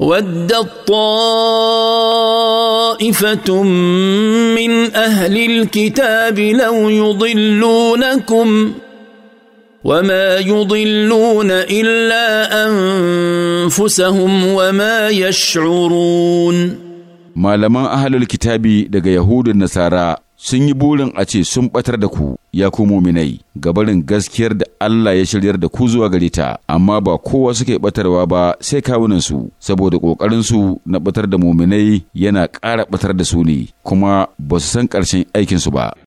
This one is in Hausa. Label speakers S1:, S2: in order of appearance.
S1: ود الطائفة من أهل الكتاب لو يضلونكم وما يضلون إلا أنفسهم
S2: وما يشعرون ما لما أهل الكتاب دقى يهود النصارى sun yi burin a ce sun batar da ku ya ku muminai gabarin gaskiyar da Allah ya shiryar da ku zuwa gare ta amma ba kowa suke batarwa ba sai kawunan su saboda kokarin su na batar da muminai yana ƙara batar da su ne kuma ba
S3: su san ƙarshen aikin su ba